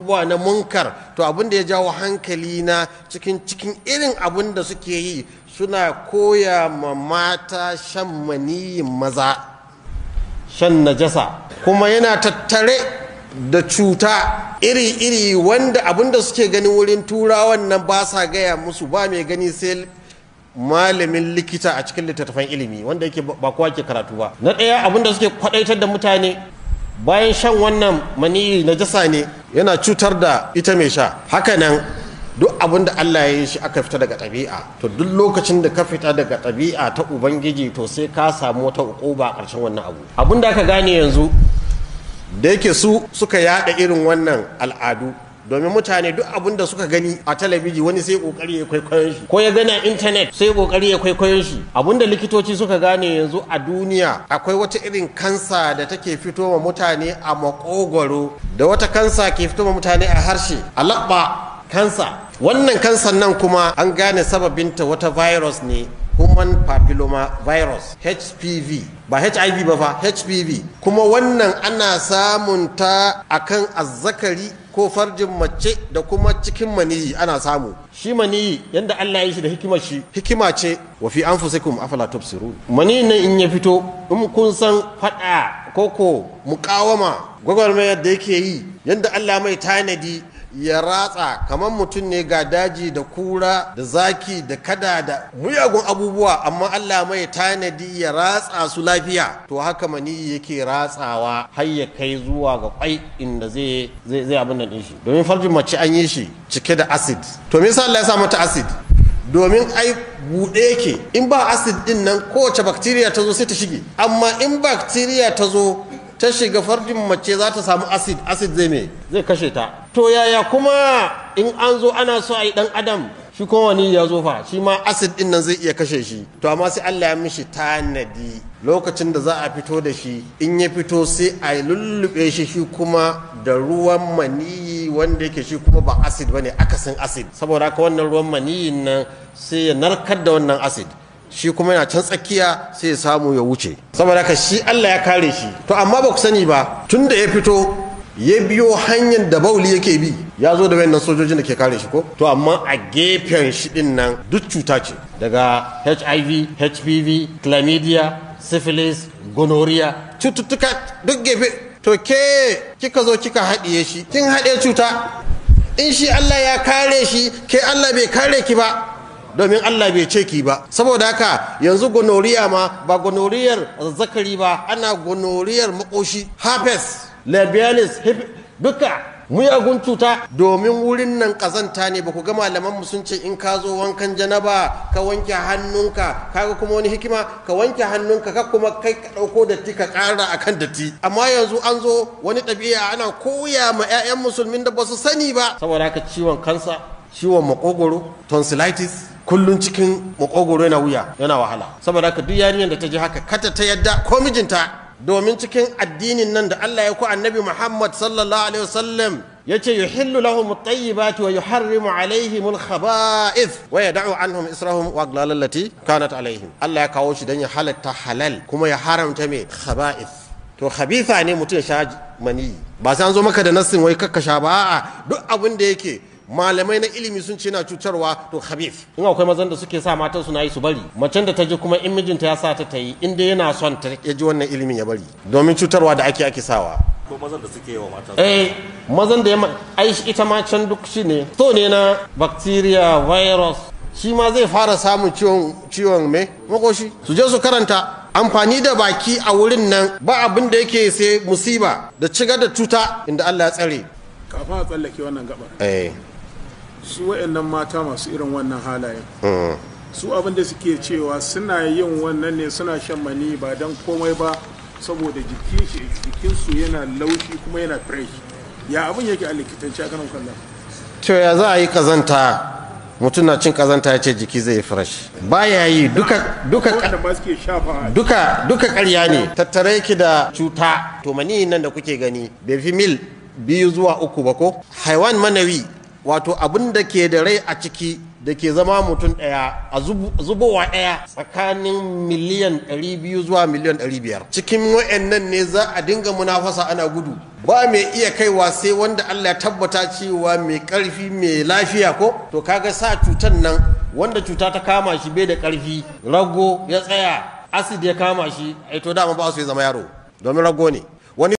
abubuwa na munkar to abin da ya jawo hankali na cikin cikin irin abin da suke yi suna koya ma mata shan maniyin maza shan najasa kuma yana tattare da cuta iri-iri wanda abin da suke ganin wurin turawan nan ba sa gaya musu ba mai gani sai malamin likita a cikin littattafan ilimi wanda yake ba ke karatu ba na ɗaya abin da suke kwadaitar da mutane bayan shan wannan maniyi najasa ne yana cutar da ita mai sha hakanan duk abin da Allah ya yi shi aka fita daga ɗabi'a to duk lokacin da ka fita daga ɗabi'a ta ubangiji to sai ka samu wata uƙuba a ƙarshen wannan abu abin da aka gane yanzu da yake su suka yada irin wannan al'adu domin mutane duk abin da suka gani a talabiji wani sai kokari ya kwaikwayon shi ko ya gani a intanet sai kokari ya kwaikwayon shi abin da likitoci suka gane yanzu a duniya akwai wata irin kansa da take fito wa mutane a makogwaro da wata kansa ke fito wa mutane a harshe a kansa wannan kansan nan kuma an gane sababinta wata virus ne human papilloma virus hpv ba hiv ba fa hpv kuma wannan ana samun ta akan azzakari ko farjin mace da kuma cikin maniyi ana samu shi maniyi yadda Allah ya yi shi da hikimar shi hikima ce wa fi anfusikum afala tubsirun maniyi nan in ya fito in kun san fada koko mukawama gwagwarmayar da yake yi yadda Allah mai tanadi ya ratsa kamar mutum ne ga daji da kura da zaki da kada da muyagun abubuwa amma Allah mai tanadi ya ratsa su lafiya to haka mani yake ratsawa har ya kai zuwa ga kwai inda zai zai abin da shi domin farjin mace an yi shi cike da acid to me yasa Allah ya sa mata acid domin ai buɗe yake in ba acid din nan kowace bacteria ta zo sai ta shige amma in bacteria ta zo ta shiga farjin mace za ta samu acid acid zai me zai kashe ta to yaya kuma in an zo ana so a yi dan adam shi kuma wani ya zo fa shi ma asid din nan zai iya kashe shi to amma sai Allah ya mishi tanadi lokacin da za a fito da shi in ya fito sai a lullube shi shi kuma da ruwan maniyi wanda yake shi kuma ba acid bane akasin asid. saboda haka wannan ruwan maniyin nan sai ya narkar da wannan asid. shi kuma yana can tsakiya sai ya samu ya wuce saboda haka shi Allah ya kare shi to amma ba ku sani ba tunda ya fito ya biyo hanyar da bauli yake bi ya zo da wayannan sojojin da ke kare shi ko to amma a gefen shi din nan duk cuta ce daga HIV HPV chlamydia syphilis gonorrhea cututtuka duk gefe to ke kika zo kika haɗiye shi kin haɗe cuta in shi Allah ya kare shi ke Allah bai kare ki ba domin Allah bai ce ki ba saboda haka yanzu gonoriya ma ba gonoriyar zakari ba ana gonoriyar makoshi herpes labialis duka muyagun cuta domin wurin nan kazanta ne ba ku ga malaman sun ce in ka zo wankan janaba ka wanke hannunka kaga kuma wani hikima ka wanke hannunka ka kuma kai ka dauko datti ka kara akan datti amma yanzu an zo wani ɗabi'a ana koya ma ƴaƴan musulmin da ba su sani ba saboda haka ciwon kansa ciwon makogoro tonsillitis kullun cikin makogoro na wuya yana wahala saboda haka duk yarinyar da ta ji haka kata ta yadda ko mijinta domin cikin addinin nan da Allah ya ku annabi Muhammad sallallahu alaihi wasallam ce yuhillu lahum at-tayyibati wa yuharrimu alaihim al-khaba'ith wa yad'u anhum israhum wa aghlal allati kanat alaihim Allah ya kawo shi dan ya halatta halal kuma ya haramta me khaba'ith to khabitha ne mutum ya sha mani ba san an zo maka da nassin wai kakkasha ba a'a duk abin da yake malamai na ilimi sun ce na cutarwa to khabith in akwai mazan da suke sa matan su nayi su bari macen da ta ji kuma in ta ya sa ta ta yi yana son ta ya ji wannan ilimin ya bari domin cutarwa da ake ake sawa ko mazan da suke wa matan eh mazan da ya ai ita ma can duk shi ne to ne na bacteria virus shi ma zai fara samun ciwon ciwon me makoshi su je su karanta amfani da baki a wurin nan ba abin da yake sai musiba da cigar da cuta inda Allah ya tsare kafa tsallake wannan gabar eh su wa'annan mata masu irin wannan halaye. Hmm. su abin da suke cewa suna yin wannan ne suna shan mani ba don komai ba saboda jikinsu yana laushi kuma yana fresh ya abin yake a likitanci a kanan kwallon cewa ya za a yi kazanta mutum na cin kazanta ya ce jiki zai fresh ya yi duka duka duka karya ne tattare ki da cuta to mani nan da kuke gani bai mil biyu zuwa uku ba ko haiwan manawi wato abin da ke da rai a ciki da ke zama mutum ɗaya a zubowa ɗaya tsakanin miliyan 200 zuwa miliyan 500 cikin wa'annan ne za a dinga munafasa ana gudu ba mai iya kaiwa sai wanda Allah ya tabbata cewa mai ƙarfi mai lafiya ko to kaga sa cutan nan wanda cuta ta kama shi bai da ƙarfi rago ya tsaya asid ya kama shi ai to dama ba su zama yaro domin rago ne